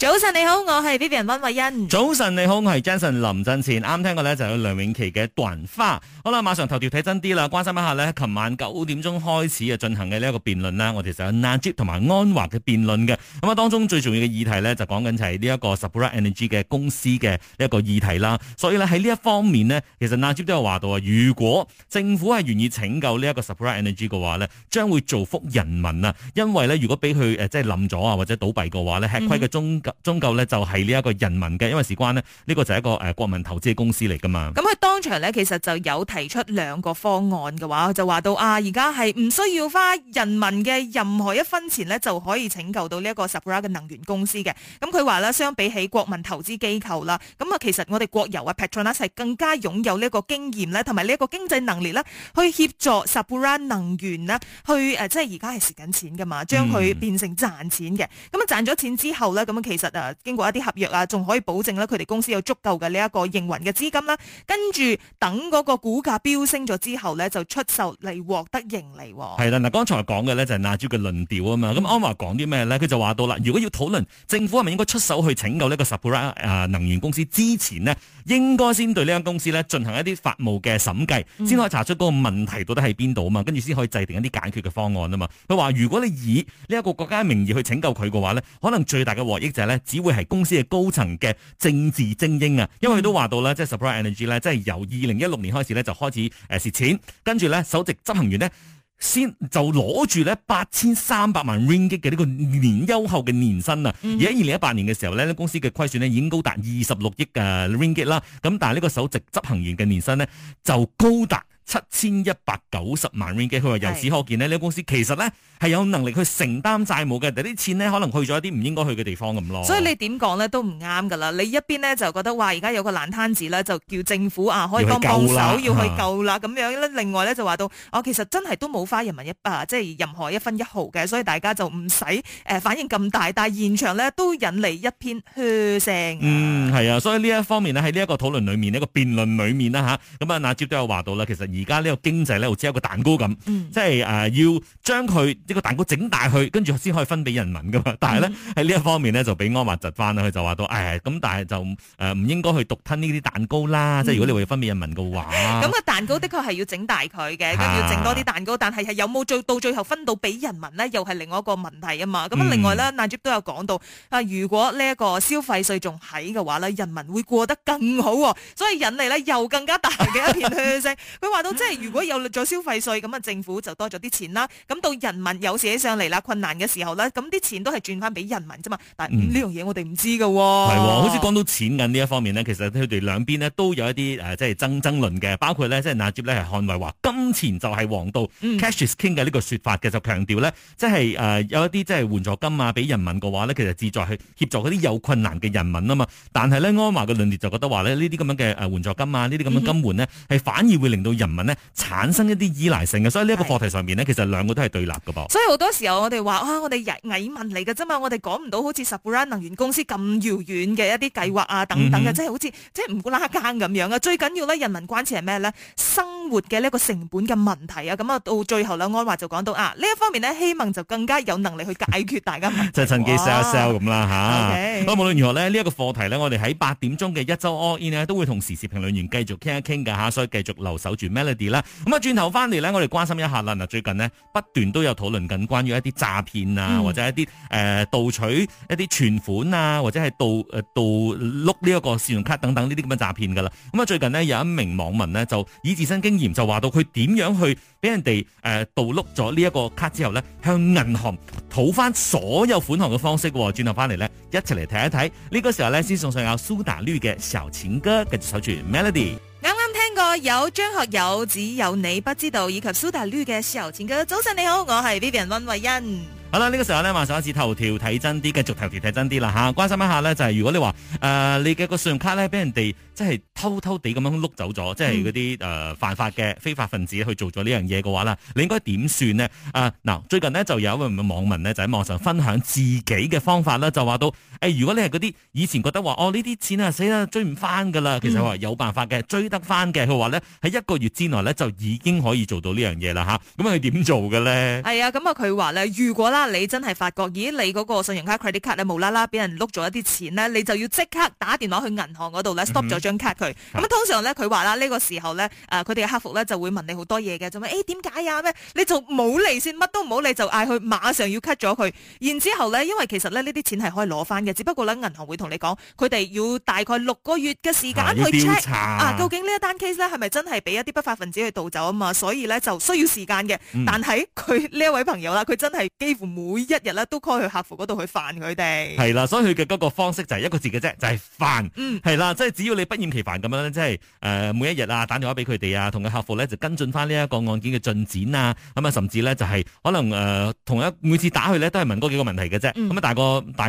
早晨你好，我係 Vivian 溫慧欣。早晨你好，我係 Jason 林振前。啱聽過咧就有梁詠琪嘅《曇花》。好啦，馬上頭條睇真啲啦，關心一下咧，琴晚九點鐘開始啊進行嘅呢一個辯論啦。我哋就有 Najib 同埋安華嘅辯論嘅。咁啊當中最重要嘅議題咧就講緊就係呢一個 Sapura Energy 嘅公司嘅呢一個議題啦。所以咧喺呢一方面咧，其實 Najib 都有話到啊，如果政府係願意拯救呢一個 Sapura Energy 嘅話咧，將會造福人民啊。因為咧如果俾佢誒即係冧咗啊或者倒閉嘅話咧，吃虧嘅中、嗯。終究咧就係呢一個人民嘅，因為事關呢，呢個就係一個誒國民投資嘅公司嚟噶嘛。咁佢當場咧其實就有提出兩個方案嘅話，就話到啊而家，係唔需要花人民嘅任何一分錢咧，就可以拯救到呢一個 Sapura 嘅能源公司嘅。咁佢話咧，相比起國民投資機構啦，咁啊其實我哋國油啊 Petronas 係更加擁有呢一個經驗咧，同埋呢一個經濟能力呢，去協助 Sapura 能源呢，去誒、啊、即係而家係蝕緊錢噶嘛，將佢變成賺錢嘅。咁啊賺咗錢之後咧，咁其實。實啊，經過一啲合約啊，仲可以保證咧，佢哋公司有足夠嘅呢一個營運嘅資金啦，啊。跟住等嗰個股價飆升咗之後呢，就出售嚟獲得盈利，啊。係啦，嗱，剛才講嘅呢，就係納豬嘅論調啊嘛。咁安華講啲咩呢？佢就話到啦，如果要討論政府係咪應該出手去拯救呢個 Sapura 能源公司之前呢，應該先對呢間公司呢進行一啲法務嘅審計，先可以查出嗰個問題到底喺邊度啊嘛，跟住先可以制定一啲解決嘅方案啊嘛。佢話：如果你以呢一個國家名義去拯救佢嘅話呢，可能最大嘅獲益就係、是。只會係公司嘅高層嘅政治精英啊，因為佢都話到啦，即係 Supply Energy 咧，即係由二零一六年開始咧就開始誒蝕錢，跟住咧首席執行員咧先就攞住咧八千三百萬 Ringgit 嘅呢個年優厚嘅年薪啊，而喺二零一八年嘅時候咧，公司嘅虧損咧已經高達二十六億嘅 Ringgit 啦，咁但係呢個首席執行員嘅年薪咧就高達。七千一百九十萬 ringgit，佢話由此可見呢，呢個公司其實呢係有能力去承擔債務嘅，但啲錢呢，可能去咗一啲唔應該去嘅地方咁咯。所以你點講呢都唔啱㗎啦，你一邊呢就覺得話而家有個爛攤子呢，就叫政府啊可以幫幫手要去救啦，咁樣另外呢就話到哦，其實真係都冇花人民一即係任何一分一毫嘅，所以大家就唔使誒反應咁大，但係現場呢都引嚟一片噓聲。嗯，係啊，所以呢一方面呢，喺呢一個討論裏面，啊、呢個辯論裏面咧吓，咁啊，阿娜都有話到啦，其實。而家呢個經濟咧，好似一個蛋糕咁，嗯、即係誒、呃、要將佢呢個蛋糕整大去，跟住先可以分俾人民噶嘛。但係咧喺呢一、嗯、方面咧，就俾安華窒翻啦，佢就話到誒咁，但係就誒唔應該去獨吞呢啲蛋糕啦。嗯、即係如果你會要分俾人民嘅話，咁個蛋糕的確係要整大佢嘅，跟住、啊、要整多啲蛋糕。但係係有冇最到最後分到俾人民呢？又係另外一個問題啊嘛。咁另外咧 Najib 都有講到啊，如果呢一個消費稅仲喺嘅話咧，人民會過得更好，所以引嚟咧又更加大嘅一片噓聲。佢話 嗯、即係如果有咗消費稅，咁啊政府就多咗啲錢啦。咁到人民有寫上嚟啦，困難嘅時候咧，咁啲錢都係轉翻俾人民啫嘛。但呢樣嘢我哋唔知噶、哦。係、哦，好似講到錢緊呢一方面呢，其實佢哋兩邊呢都有一啲誒，即、呃、係爭爭論嘅。包括呢即係納吉呢係捍衞話金錢就係王道、嗯、，cash is king 嘅呢個說法嘅，就強調呢，即係誒有一啲即係援助金啊，俾人民嘅話呢，其實旨在去協助嗰啲有困難嘅人民啊嘛。但係呢，安華嘅論調就覺得話咧，呢啲咁樣嘅援助金啊，呢啲咁樣嘅金援呢，係、嗯、哼反而會令到人。人產生一啲依賴性嘅，所以呢一個課題上面呢，是其實兩個都係對立嘅噃。所以好多時候我哋話啊，我哋蟻民嚟嘅啫嘛，我哋講唔到好似石油能源公司咁遙遠嘅一啲計劃啊，等等嘅、嗯哼，即係好似即係唔管拉更咁樣啊。最緊要咧，人民關切係咩咧？生活嘅呢一個成本嘅問題啊，咁啊，到最後安華就講到啊，呢一方面呢，希望就更加有能力去解決大家問題。 就趁機 sell sell 咁啦吓，咁、啊、Okay 無論如何呢，呢、這、一個課題呢，我哋喺八點鐘嘅一周。all in 都會同時事評論員繼續傾一傾㗎嚇，所以繼續留守住咩？melody 啦，咁啊轉頭翻嚟咧，我哋關心一下啦。嗱，最近呢不斷都有討論緊關於一啲詐騙啊，或者一啲誒盜取一啲存款啊，或者係盜誒盜碌呢一個信用卡等等呢啲咁嘅詐騙噶啦。咁啊最近呢有一名網民呢就以自身經驗就話到佢點樣去俾人哋誒盜碌咗呢一個卡之後呢向銀行討翻所有款項嘅方式。轉頭翻嚟呢一齊嚟睇一睇呢個時候呢先送上阿蘇打綠嘅小情歌，繼續守住 melody。啱啱聽過有張學友《只有你不知道》以及蘇打綠嘅《小情歌》。早晨你好，我係 Vivian 溫慧欣。好啦，呢、這個時候咧，上一次頭條睇真啲，繼續頭條睇真啲啦吓。關心一下咧，就係、是、如果你話誒、呃，你嘅個信用卡咧俾人哋即係偷偷地咁樣碌走咗，嗯、即係嗰啲誒犯法嘅非法分子去做咗呢樣嘢嘅話啦，你應該點算呢？啊，嗱，最近呢，就有一個網民呢，就喺網上分享自己嘅方法啦，就話到誒、哎，如果你係嗰啲以前覺得話哦呢啲錢啊死啦追唔翻噶啦，嗯、其實話有辦法嘅，追得翻嘅。佢話呢喺一個月之內呢，就已經可以做到呢樣嘢啦吓。咁佢點做嘅咧？係啊，咁啊佢話咧，如果啦你真係發覺咦你嗰個信用卡 credit card 咧無啦啦俾人碌咗一啲錢呢，你就要即刻打電話去銀行嗰度 stop 咗、嗯。cut 佢，咁、嗯、通常咧佢話啦呢、這個時候咧，誒佢哋嘅客服咧就會問你好多嘢嘅，就問誒點解啊咩？你就冇嚟，先，乜都唔好理，就嗌佢馬上要 cut 咗佢。然之後咧，因為其實咧呢啲錢係可以攞翻嘅，只不過咧銀行會同你講，佢哋要大概六個月嘅時間去 check 啊，究竟呢一單 case 咧係咪真係俾一啲不法分子去盜走啊嘛？所以咧就需要時間嘅。嗯、但係佢呢一位朋友啦，佢真係幾乎每一日咧都 call 去客服嗰度去煩佢哋。係啦，所以佢嘅嗰個方式就係一個字嘅啫，就係、是、煩。係啦、嗯，即係、就是、只要你。不厭其煩咁樣，即係誒每一日啊，打電話俾佢哋啊，同個客服咧就跟進翻呢一個案件嘅進展啊，咁啊，甚至咧就係、是、可能誒同一每次打去咧都係問嗰幾個問題嘅啫，咁啊大大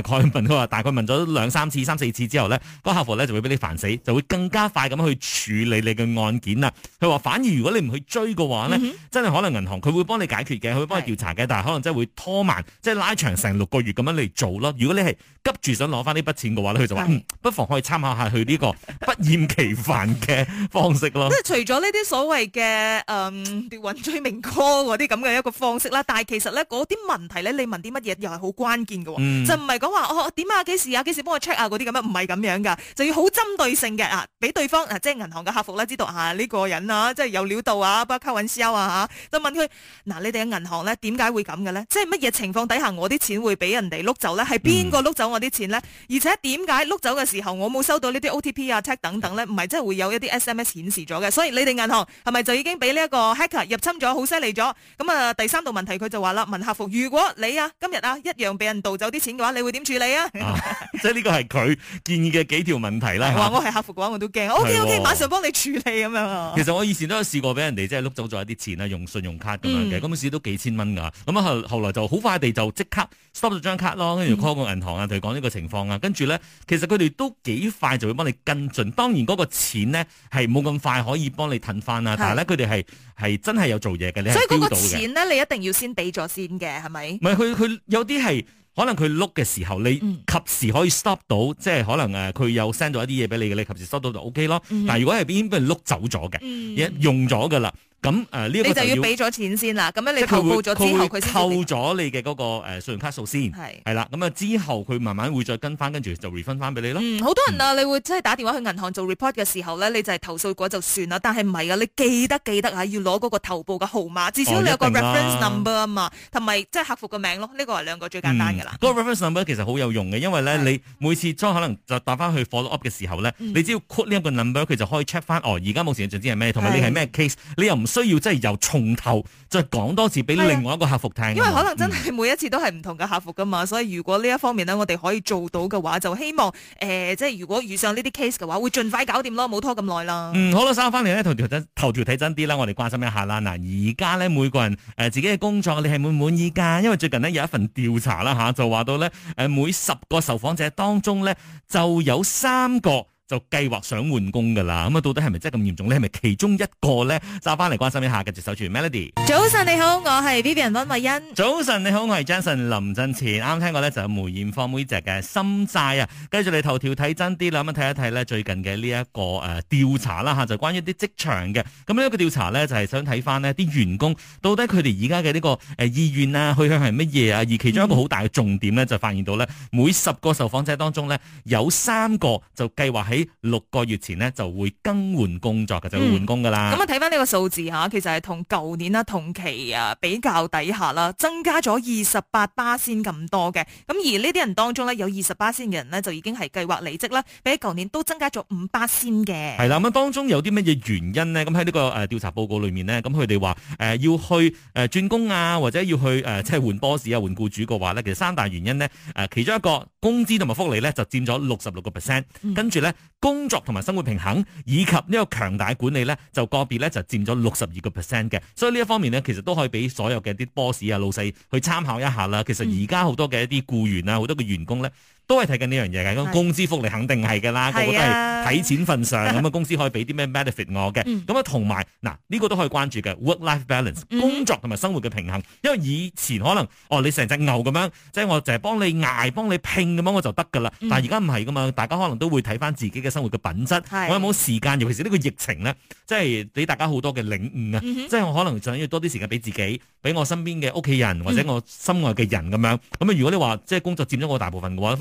概佢大概問咗兩三次、三四次之後咧，個客服咧就會俾你煩死，就會更加快咁去處理你嘅案件啦。佢話反而如果你唔去追嘅話咧，真係可能銀行佢會幫你解決嘅，佢會幫你調查嘅，但係可能真係會拖慢，即係拉長成六個月咁樣嚟做咯。如果你係急住想攞翻呢筆錢嘅話咧，佢就話不，不妨可以參考下佢、這、呢個。 不厭其煩嘅方式咯，即係除咗呢啲所謂嘅誒奪追命歌嗰啲咁嘅一個方式啦，但係其實咧嗰啲問題咧，你問啲乜嘢又係好關鍵嘅，嗯、就唔係講話我點啊幾時啊幾時幫我 check 啊嗰啲咁啊，唔係咁樣噶，就要好針對性嘅啊，俾對方啊即係銀行嘅客服咧知道啊呢、呢個人啊即係有料到啊，幫佢揾銷啊嚇、啊，就問佢嗱、啊、你哋嘅銀行咧點解會咁嘅咧？即係乜嘢情況底下我啲錢會俾人哋碌走咧？係邊個碌走我啲錢咧？嗯、而且點解碌走嘅時候我冇收到呢啲 OTP 啊 check？等等咧，唔係真係會有一啲 SMS 顯示咗嘅，所以你哋銀行係咪就已經俾呢一個 hacker 入侵咗，好犀利咗？咁啊，第三道問題佢就話啦，問客服：如果你啊今日啊一樣俾人盜走啲錢嘅話，你會點處理啊？啊 即係呢個係佢建議嘅幾條問題啦。話我係客服嘅話，我都驚。O K O K，馬上幫你處理咁樣。吧其實我以前都有試過俾人哋即係碌走咗一啲錢啦，用信用卡咁、嗯、樣嘅，咁陣時都幾千蚊㗎。咁啊後後來就好快地就即刻 stop 咗張卡咯，跟住 call 個銀行啊，同佢講呢個情況啊，跟住咧其實佢哋都幾快就會幫你跟進。當然嗰個錢咧係冇咁快可以幫你褪翻啦，是但係咧佢哋係係真係有做嘢嘅，你係收到嘅。所以嗰個錢咧，你一定要先俾咗先嘅，係咪？唔係佢佢，有啲係可能佢碌嘅時候，你及時可以 stop 到，即係可能誒佢有 send 咗一啲嘢俾你嘅，你及時收到就 OK 咯。但係如果係邊邊碌走咗嘅，已經用咗噶啦。咁誒呢一個就要你就要俾咗錢先啦，咁樣你投報咗之後佢先扣咗你嘅嗰個信用卡數先，係係啦，咁啊之後佢慢慢會再跟翻，跟住就 refund 翻俾你咯。好、嗯、多人啊，嗯、你會即係打電話去銀行做 report 嘅時候咧，你就係投訴過就算啦，但係唔係啊？你記得記得啊，要攞嗰個投報嘅號碼，至少你有個 reference number 啊嘛，同埋即係客服嘅名咯。呢、呢個係兩個最簡單嘅啦。嗯，那個 reference number 其實好有用嘅，因為咧的你每次裝可能就打翻去 follow up 嘅時候咧，嗯、你只要 call 呢一個 number，佢就可以 check 翻哦，而家冇事嘅，仲知係咩？同埋你係咩 case？你又唔？需要即係由從頭再講多次俾另外一個客服聽，因為可能真係每一次都係唔同嘅客服噶嘛，嗯、所以如果呢一方面呢，我哋可以做到嘅話，就希望誒、呃，即係如果遇上呢啲 case 嘅話，會盡快搞掂咯，冇拖咁耐啦。嗯，好啦，三翻嚟咧，頭條頭條睇真啲啦，我哋關心一下啦。嗱，而家咧每個人誒自己嘅工作，你係滿唔滿意噶？因為最近呢，有一份調查啦吓，就話到咧，誒每十個受訪者當中咧就有三個。就計劃想換工㗎啦，咁啊到底係咪真係咁嚴重咧？係咪其中一個咧？揸翻嚟關心一下嘅繼續守住，住 Mel。Melody。早晨你好，我係 Vivian 温慧欣。早晨你好，我係 Jason 林振前。啱啱聽過呢，就係梅艷芳妹姐嘅心債啊，跟住你頭條睇真啲啦，咁睇一睇呢最近嘅呢一個誒調查啦吓，就關於啲職場嘅咁呢一個調查呢，就係想睇翻呢啲員工到底佢哋而家嘅呢個誒意願啊，去向係乜嘢啊？而其中一個好大嘅重點呢，就發現到呢，嗯、每十個受訪者當中呢，有三個就計劃喺六個月前呢，就會更換工作嘅，嗯、就會換工噶啦。咁啊睇翻呢個數字吓，其實係同舊年啦同期啊比較底下啦，增加咗二十八巴仙咁多嘅。咁而呢啲人當中咧，有二十八巴仙嘅人呢，就已經係計劃離職啦。比起舊年都增加咗五巴仙嘅。係啦，咁、嗯、當中有啲乜嘢原因呢？咁喺呢個誒調、呃、查報告裏面呢，咁佢哋話誒要去誒轉工啊，或者要去誒即係換 boss 啊，換雇主嘅話咧，其實三大原因呢，誒、呃、其中一個工資同埋福利咧就佔咗六十六個 percent，跟住咧，嗯工作同埋生活平衡，以及呢個強大管理呢，就個別呢就佔咗六十二個 percent 嘅，所以呢一方面呢，其實都可以俾所有嘅啲 boss 啊、老細去參考一下啦。其實而家好多嘅一啲僱員啊，好多嘅員工呢。都係睇緊呢樣嘢嘅。咁工資福利肯定係噶啦，個個都係睇錢份上咁是啊，公司可以俾啲咩 benefit 我嘅，咁啊同埋嗱呢個都可以關注嘅 work-life balance 工作同埋生活嘅平衡，嗯、因為以前可能哦你成隻牛咁樣，即係我，我就係幫你捱幫你拼咁樣我就得噶啦，但係而家唔係噶嘛，大家可能都會睇翻自己嘅生活嘅品質，是 我有冇時間，尤其是呢個疫情咧，即係俾大家好多嘅領悟啊，嗯、即係我可能想要多啲時間俾自己，俾我身邊嘅屋企人或者我心愛嘅人咁樣，咁啊如果你話即係工作佔咗我大部分嘅話，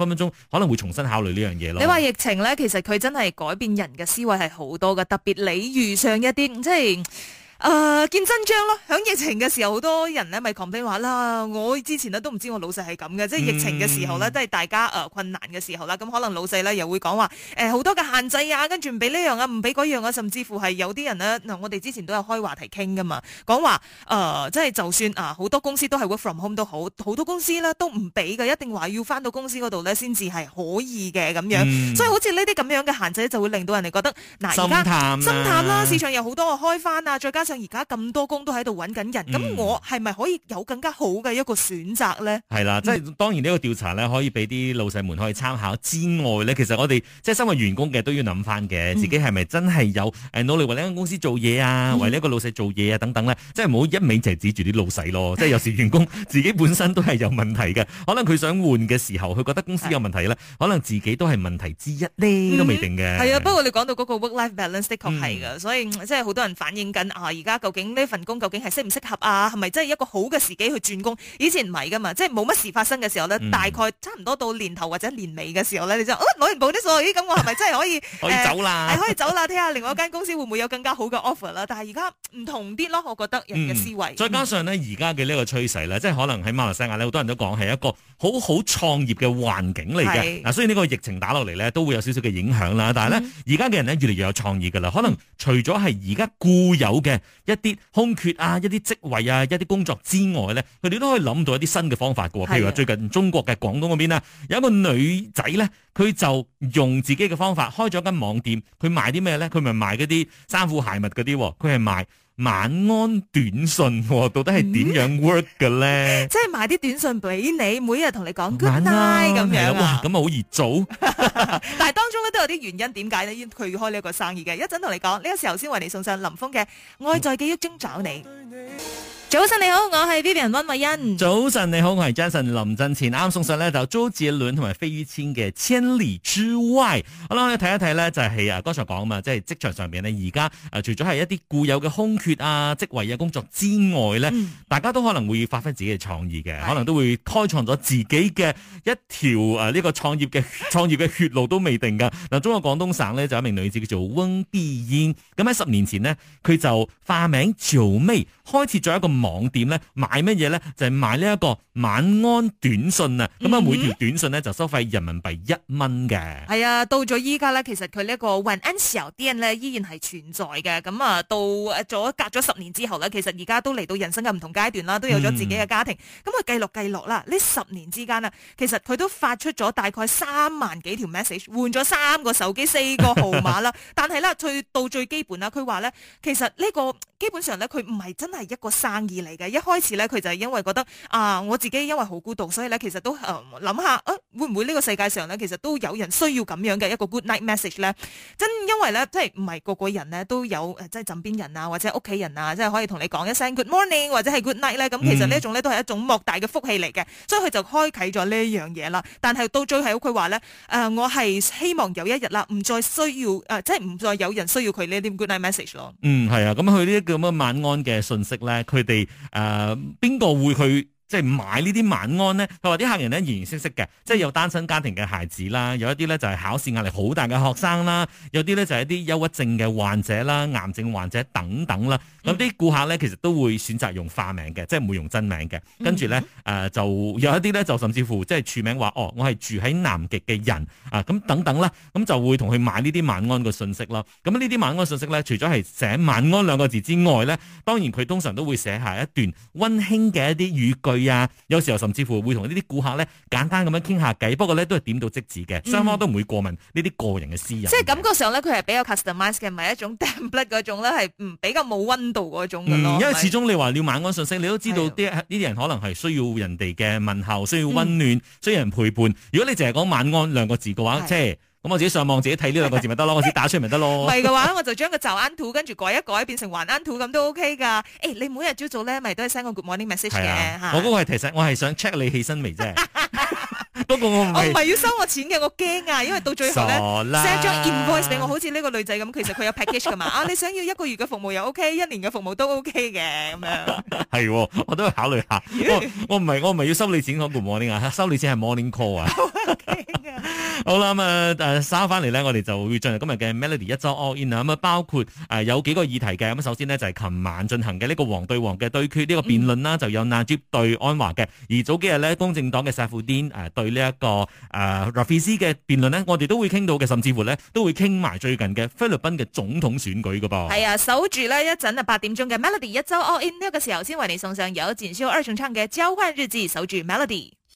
可能會重新考慮呢樣嘢咯。你話疫情咧，其實佢真係改變人嘅思維係好多嘅，特別你遇上一啲即誒、呃、見真章咯！喺疫情嘅時候，好多人咧咪狂話啦，我之前都唔知我老細係咁嘅，即係疫情嘅時候咧，即係大家誒困難嘅時候啦。咁可能老細咧又會講話誒好多嘅限制啊，跟住唔俾呢樣啊，唔俾嗰樣啊，甚至乎係有啲人咧，我哋之前都有開話題傾噶嘛，講話誒即係就算啊好、呃、多公司都係 work from home 都好，好多公司咧都唔俾嘅，一定話要翻到公司嗰度咧先至係可以嘅咁樣。Mm. 所以好似呢啲咁樣嘅限制就會令到人哋覺得嗱，而家心淡啦，啊、市場有好多開翻啊，再加而家咁多工都喺度揾緊人，咁我係咪可以有更加好嘅一個選擇咧？係啦，即係當然呢個調查咧，可以俾啲老細們可以參考之外咧，其實我哋即係身為員工嘅都要諗翻嘅，自己係咪真係有誒努力為呢間公司做嘢啊，為呢個老細做嘢啊等等咧，即係唔好一味就係指住啲老細咯，即係有時員工自己本身都係有問題嘅，可能佢想換嘅時候，佢覺得公司有問題咧，可能自己都係問題之一咧，都未定嘅。係啊，不過你講到嗰個 work life balance，的確係嘅，所以即係好多人反映緊啊。而家究竟呢份工究竟係適唔適合啊？係咪真係一個好嘅時機去轉工？以前唔係噶嘛，即係冇乜事發生嘅時候咧，嗯、大概差唔多到年頭或者年尾嘅時候咧，你就攞、哦、完保啲數，咦咁我係咪真係可以 可以走啦？係、呃、可以走啦？睇下 另外一間公司會唔會有更加好嘅 offer 啦？但係而家唔同啲咯，我覺得人嘅思維、嗯、再加上呢，而家嘅呢個趨勢呢，即係可能喺馬來西亞呢，好多人都講係一個好好創業嘅環境嚟嘅。嗱是，雖然呢個疫情打落嚟咧，都會有少少嘅影響啦。但係咧，而家嘅人咧，越嚟越有創意噶啦。可能除咗係而家固有嘅一啲空缺啊，一啲職位啊，一啲工作之外咧，佢哋都可以諗到一啲新嘅方法㗎。譬如話最近中國嘅廣東嗰邊啊，是的 有一個女仔咧，佢就用自己嘅方法開咗間網店，佢賣啲咩咧？佢咪賣嗰啲衫褲鞋襪嗰啲，佢係賣。晚安短信到底係點樣 work 嘅咧、嗯？即係買啲短信俾你，每一日同你講 good night 咁安樣，哇咁啊好易做。 但係當中咧都有啲原因，點解咧佢要開呢一個生意嘅？一陣同你講，呢、這個時候先為你送上林峰嘅《愛在記憶中找你》你。早晨你好，我係 Vivian 溫慧欣。早晨你好，我係 Jason 林振前。啱啱送上咧就周杰倫同埋費玉清嘅千里之外。好啦，我哋睇一睇咧就係啊剛才講啊嘛，即、就、係、是、職場上邊咧而家啊除咗係一啲固有嘅空缺啊職位嘅工作之外咧，嗯、大家都可能會發揮自己嘅創意嘅，是可能都會開創咗自己嘅一條誒呢、啊呢個創業嘅創業嘅血路都未定噶。嗱，中國廣東省咧就有一名女子叫做溫碧煙，咁喺十年前咧佢就化名喬妹，開設咗一個。網店咧買乜嘢咧？就係、是、買呢、這、一個。晚安短信啊，咁啊每條短信咧就收費人民幣一蚊嘅。係啊，到咗依家咧，其實佢呢個晚安小店咧依然係存在嘅。咁啊，到咗隔咗十年之後咧，其實而家都嚟到人生嘅唔同階段啦，都有咗自己嘅家庭。咁啊、嗯，記錄記錄啦，呢十年之間啊，其實佢都發出咗大概三萬幾條 message，換咗三個手機、四個號碼啦。 但係咧，最到最基本啦，佢話咧，其實呢個基本上咧，佢唔係真係一個生意嚟嘅。一開始咧，佢就係因為覺得啊，我自己。因為好孤獨，所以咧其實都誒諗、呃、下誒、啊、會唔會呢個世界上咧其實都有人需要咁樣嘅一個 good night message 咧？真因為咧，即係唔係個個人咧都有即係枕邊人啊或者屋企人啊，即係可以同你講一聲 good morning 或者係 good night 咧。咁其實這呢一種咧都係一種莫大嘅福氣嚟嘅，所以佢就開啟咗呢樣嘢啦。但係到最後，佢話咧誒，我係希望有一日啦，唔再需要誒、呃，即係唔再有人需要佢呢啲 good night message 咯。嗯，係啊，咁佢呢啲咁嘅晚安嘅信息咧，佢哋誒邊個會去？即係買呢啲晚安呢，佢話啲客人呢形形色色嘅，即係有單身家庭嘅孩子啦，有一啲呢就係、是、考試壓力好大嘅學生啦，有啲呢就係、是、一啲憂鬱症嘅患者啦、癌症患者等等啦。咁啲、嗯、顧客呢其實都會選擇用化名嘅，即係唔會用真名嘅。跟住呢，呃、就有一啲呢，就甚至乎即係署名話哦，我係住喺南極嘅人啊，咁等等啦，咁就會同佢買呢啲晚安嘅信息啦。咁呢啲晚安信息呢，除咗係寫晚安兩個字之外呢，當然佢通常都會寫下一段温馨嘅一啲語句。呀，有時候甚至乎會同呢啲顧客咧簡單咁樣傾下偈，不過咧都係點到即止嘅，雙方都唔會過問呢啲個人嘅私隱的、嗯。即係感覺上咧，佢係比較 customized 嘅，唔係一種 dead blood 嗰種咧，係唔比較冇温度嗰種的、嗯。因為始終你話要晚安訊息，的你都知道啲呢啲人可能係需要人哋嘅問候，需要温暖，嗯、需要人陪伴。如果你淨係講晚安兩個字嘅話，即係。咁我自己上網自己睇呢兩個字咪得咯，我自己打出去咪得咯。唔係嘅話，我就將個就啱圖跟住改一改，變成還啱圖咁都 OK 噶。誒，你每日朝早咧，咪都係 send 個 good morning message 嘅。我嗰個係提醒，我係想 check 你起身未啫。不過我唔係要收我錢嘅，我驚啊！因為到最後咧，寫張啦 invoice 俾我，好似呢個女仔咁，其實佢有 package 㗎嘛？ 啊，你想要一個月嘅服務又 OK，一年嘅服務都 OK 嘅咁樣。係， 我都要考慮下。 我唔係我唔係要收你錢嗰個 morning 啊，收你錢係 morning call 啊。好，啊 好啦咁啊稍翻嚟咧，我哋就會進入今日嘅 Melody 一周 all in 咁啊，包括、呃、有幾個議題嘅咁。首先呢，就係、是、琴晚進行嘅呢、這個王對王嘅對決呢、這個辯論啦，嗯、就有阿珠對安華嘅。而早幾日呢，公正黨嘅石富呢一、這個誒 Rafis 嘅辯論呢，我哋都會傾到嘅，甚至乎呢都會傾埋最近嘅菲律賓嘅總統選舉㗎噃。係啊，守住呢一陣啊八點鐘嘅 Melody，一周 All In 呢個時候先為你送上由陳曉二重唱嘅《交換日記，》 守住 Melody。